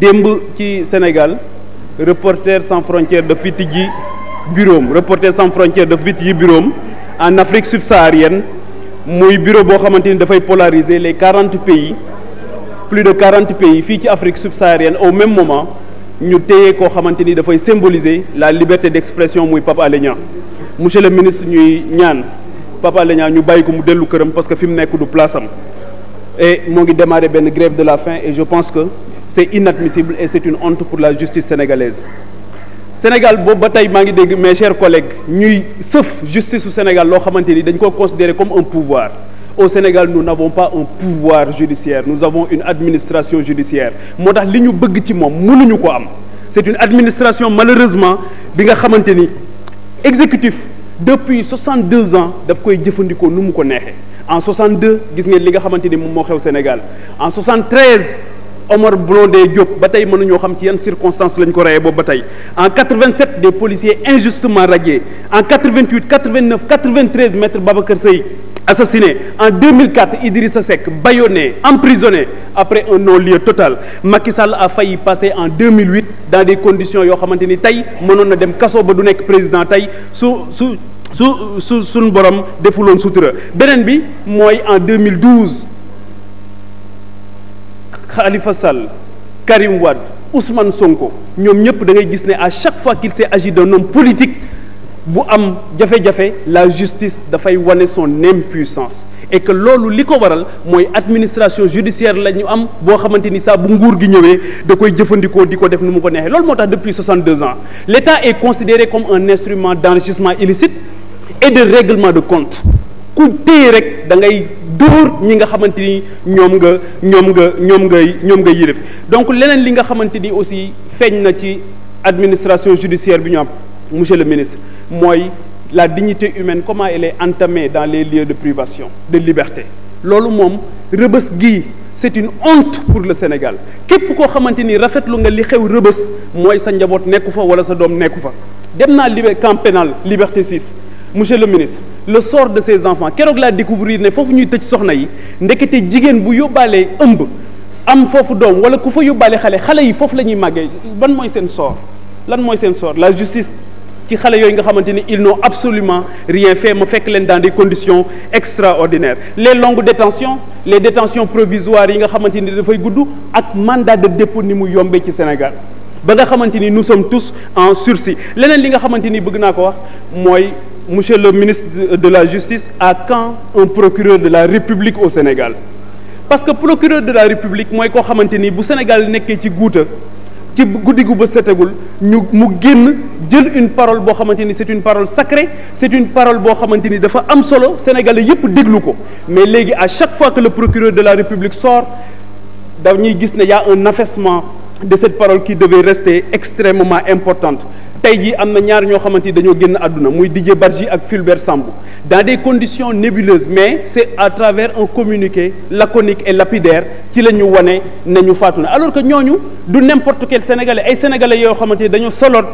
démb ci Sénégal Reporters sans frontière daf fi tijji bureau reporter sans frontières daf fi tijji bureau en Afrique subsaharienne muy bureau boo xamante ni dafay polariser les quarante pays plus de quarante pays fii ci Afrique subsaharienne au même moment ñu téye koo xamante ni dafay symboliser la liberté d'expression muy Pape Alé Niang monsieur le ministre ñuy ñaan Pape Alé Niang ñu bàyyi ko mu dellu këram parce que fi mu nekk du place am moo ngi demare benn grève de la fin et je pense que c'est inadmissible et c'est une honte pour la justice sénégalaise Sénégal boobu ba tey maa ngi dégg mes chers collègues ñuy sëf justice su Sénégal loo xamante ni dañ ko considérer comme un pouvoir au Sénégal nous n'avons pas un pouvoir judiciaire nous avons une administration judiciaire moo tax li ñu bëgg ci moom mënuñu ko am c'est une administration malheureusement bi nga xamante ni exécutif depuis deux ans daf koy jëfandikoo nu mu ko neexee en 62 gis ngeen li nga xamante ni moom moo xew Sénégal en 73 Omar Blondin Diop ba tey mënuñoo xam ci yan circonstances lañ ko rayee boobu ba tey en 87 des policiers injustement radiés en 88 89 93 maître Babacar Seye en 2004 Idrissa Seck bâillonné emprisonné après un non-lieu total Macky Sall a failli passer en 2008 dans des conditions yoo xamante ni tey mënoon na dem kaso ba du nekk président tey su su su su suñ borom defuloon sutura beneen bi mooy en 2012. Khalifa Sall Karim Wade Ousmane Sonko ñoom ñëpp da ngay gis ne à chaque fois qu'il s'est agi d'un homme politique bu am jafe-jafe la justice dafay wane son impuissance et que loolu li ko waral mooy administration judiciaire la ñu am boo xamante ni saa bu nguur gi ñëwee da koy jëfandikoo di ko def nu mu ko neexee loolu moo tax depuis 62 ans l'État est considéré comme un instrument d'enrichissement illicite et de règlement de compte ku téye rek da ngay dóor ñi nga xamante ni ñoom nga ñoom nga ñoom nga ñoom nga yilif donc leneen li nga xamante ni aussi feeñ na ci administration judiciaire bi ñu am monsieur le ministre mooy la dignité humaine comment elle est entamée dans les lieux de privation de liberté loolu moom rëbës gi c'est une honte pour le Sénégal képp koo xamante ni rafetlu nga li xew rëbës mooy sa njaboot nekku fa wala sa doom nekku fa dem naa lib camp pénal liberté 6 monsieur le ministre le sort de ces enfants keroog laa découvrir ne foofu ñuy tëj soxna yi ndekete jigéen bu yóbbaalee ëmb am foofu doom wala ku fa yóbbaale xale xale yi foofu la ñuy màggee ban mooy seen sort lan mooy seen sort la justice ci xale yooyu nga xamante ni ils n'ont absolument rien fait ma fekk leen dans des conditions extraordinaires les longues détentions les détentions provisoires yi nga xamante ni dafay gudd ak mandat de dépôt ni mu yombee ci Sénégal ba nga xamante ni nous sommes tous en sursis leneen li nga xamante ni bëgg naa ko wax mooy monsieur le ministre de la Justice, à quand un procureur de la République au Sénégal parce que procureur de la République mooy koo xamante ni bu Sénégal nekkee ci guuta ci guddi gu ba setegul ñu mu génn jël une parole boo xamante ni c'est une parole sacrée c'est une parole boo xamante ni dafa am solo sénégalais yépp déglu ko mais léegi à chaque fois que le procureur de la République sort ñuy gis ne yaa a un affaissement de cette parole qui devait rester extrêmement importante tey jii am na ñaar ñoo xamante ni dañoo génn àdduna muy Didier Badji ak Fulbert Sambou dans des conditions nébuleuses mais c'est à travers un communiqué laconique et lapidaire ci la ñu wane ne ñu faatu na alors que ñooñu du n'importe quel sénégalais ay sénégalais yoo xamante ni dañoo soloot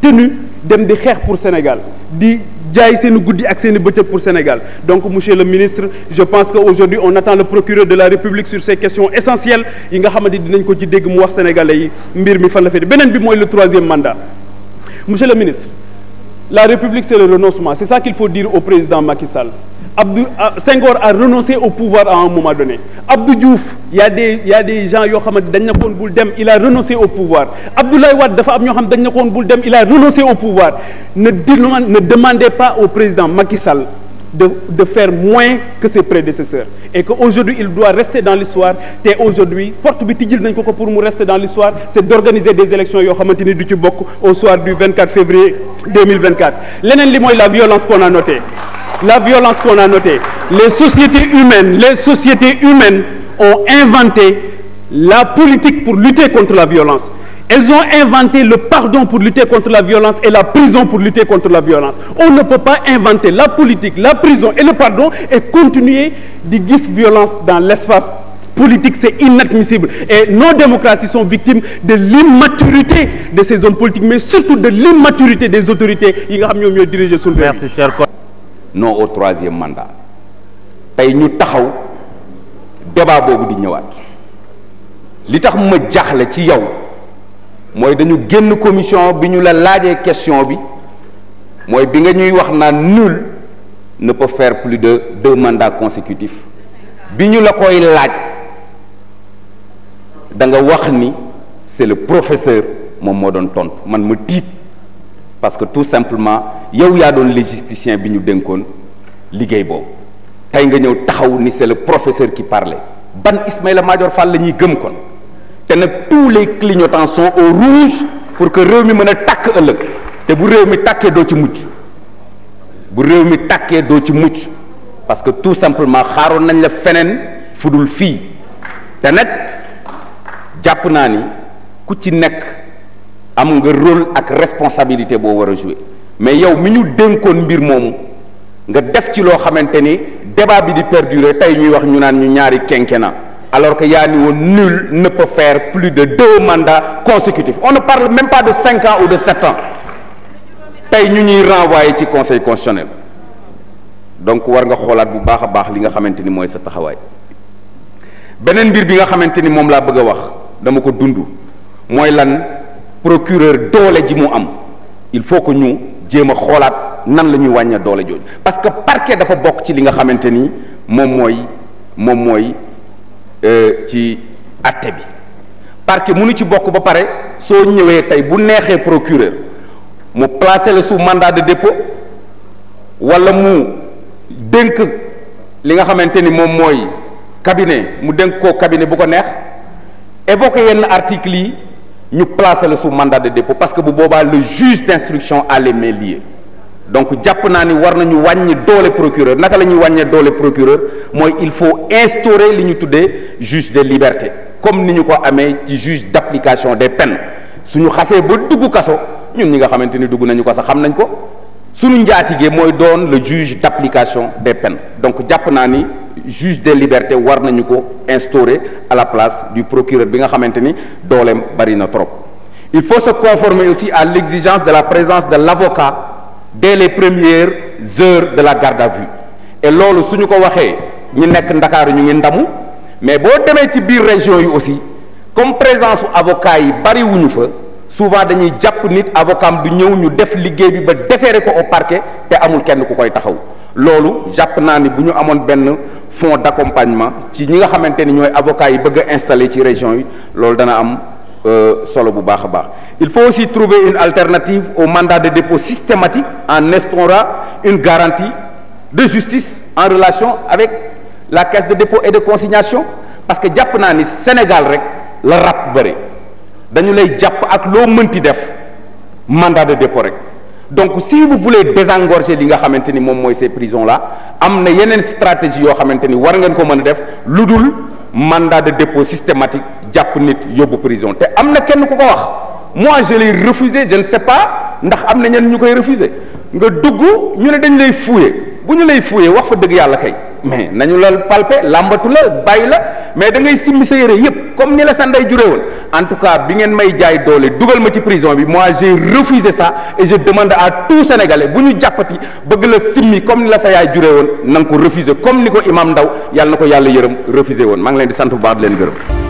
tenu dem di xeex pour Sénégal di jaay seen guddi ak seen bëccëg pour Sénégal donc monsieur le ministre je pense que aujourd'hui on attend le procureur de la République sur ko ci dégg mu wax sénégalais mbir mi fan beneen bi mooy le troisième mandat monsieur le ministre la république c'est le renoncement c'est ça qu'il faut dire au président Macky Sall Abdou ah, a renoncé au pouvoir à un moment donné Abdou Diouf y a des y a des gens yoo xamante dañ nekkoon bul dem il a renoncé au pouvoir Abdoulaye Wade dafa am ñoo xam dañ nekkoon bul dem il a renoncé au pouvoir ne ne demandez pas au président Macky Sall de, de faire moins que ses prédécesseurs et qu'aujourd'hui il doit rester dans l'histoire te aujourd'hui porte bi nañ ko ko pour mu rester dans l'histoire c'est d'organiser des élections yoo xamante ni du ci bokk au soir du 24 février 2024 leneen li mooy la violence qu'on a notée la les sociétés humaines les sociétés humaines ont la politique pour lutter contre la Elles ont inventé le pardon pour lutter contre la violence et la prison pour lutter contre la violence. On ne peut pas inventer la politique, la prison et le pardon et continuer di gis violence dans l'espace politique, c'est inadmissible. Et nos démocraties sont victimes de l'immaturité de ces hommes politiques, mais surtout de l'immaturité des autorités yi nga xam ñoom ñooy diriger suñu réew. Merci cher collègue. Non au troisième mandat. Tey ñu taxaw débat boobu di ñëwaat. Li tax ma jaaxle ci yow. mooy dañu génn commission bi ñu la laajee question bi mooy bi nga ñuy wax naan nul ne peut faire plus de deux mandats bi ñu la koy laaj da nga wax ni c'est le professeur moom moo doon tontu man ma tiit parce que tout simplement yow yaa doon légisticien bi ñu dénkoon liggéey boobu tey nga ñëw taxaw ni c'est le professeur qui parlait ban Ismaïla Madior Fall la ñuy gëm kon que nag tous les clignotants sont au rouge pour que réew mi mën a tàkk ëllëg te bu réew mi takkee doo ci mucc bu réew mi tàkkee doo ci mucc parce que tout simplement xaaroon nañ la feneen fu dul fii te nag jàpp naa ni ku ci nekk am nga rôle ak responsabilité boo war a jouer mais yow mi ñu dénkoon mbir moomu nga def ci loo xamante ni débat bi di perdurer tey ñuy wax ñu naan ñu ñaari kenke quinquennat alors que yaa ni woon nul ne peut faire plus de deux mandats consécutifs on ne parle même pas de cinq ans ou de sept ans tey ñu ñuy renvoyé ci conseil constitutionnel donc war nga xoolaat bu baax a baax li nga xamante ni mooy sa taxawaay beneen mbir bi nga xamante ni moom laa bëgg a wax dama ko dund mooy lan procureur doole ji mu am il faut que ñu jéem a xoolaat nan la ñuy wàññee doole jooju parce que parquet dafa bokk ci li nga xamante ni moom mooy moom mooy. Euh, ci àtte bi parce parquet mënu ci bokk ba pare soo ñëwee tey bu neexee procureur mu placer le su mandat de dépôt wala mu dénk li nga xamante ni moom mooy cabinet mu dénk koo cabinet bu ko neex évoqué yenn articles yi ñu placer le sous mandat de dépôt parce que bu boobaa le juge d'instruction a les mains donc jàpp naa ni war nañu wàññi doole procureur naka la ñuy wàññee doole procureur mooy il faut instaurer li ñu tuddee juge des libertés comme ni ñu ko amee ci juge d'application des su ñu xasee ba dugg kaso ñun ñi nga xamante ni dugg nañu ko sax xam nañ ko su suñu njaatigee mooy doon le juge d'application des peines donc jàpp naa ni juge des libertés war nañu ko instaurer à la place du procureur bi nga xamante ni dooleem bari na trop il faut se conformer la présence de l'avocat dès les premières heures de la garde à vue et loolu su ñu ko waxee ñu nekk ndakaaru ñu ngi ndamu mais boo demee ci biir région yi aussi comme présence u avocat yi bariwuñu fa souvent dañuy jàpp nit avocat du ñëw ñu def liggéey bi ba déférer ko au parquet te amul kenn ku koy taxaw loolu jàpp naa ni bu ñu amoon benn fonds d'accompagnement ci ñi nga xamante ni ñooy avocat yi bëgg installé ci région yi loolu dana am Euh, solo bu baax a baax il faut aussi trouver une alternative au mandat de dépôt systématique en instaurant une garantie de justice en relation avec la caisse de dépôt et de consignation parce que jàpp naa ni Sénégal rek la rap bëri dañu lay jàpp ak loo mënti def mandat de dépôt rek donc si vous voulez désengorger li nga xamante ni moom mooy ces prisons là am na yeneen stratégie yoo xamante ni war ngeen ko mën a def lu dul mandat de dépôt systématique jàpp nit yóbbu prison te am na kenn ku ko wax mois je l'ai refusé je ne sais pas ndax am na ñenn ñu koy refusé nga dugg ñu ne dañ lay fouillé bu ñu lay fouillé wax fa dëgg yàlla kay mais nañu la palper làmbatu la bàyyi la mais da ngay simmi sa yére yëpp comme ni la sa ndey jureewal en tout cas bi ngeen may jaay doole dugal ma ci prison bi moi j'ai refusé sa et je demande à tout sénégalais bu ñu jàppati bëgg la simmi comme ni la sa yaay jureewal na nga ko refusé comme ni ko imam Ndaw yàlla na ko yàlla yërëm refusé woon maa ngi leen di sant bu leen gërëm.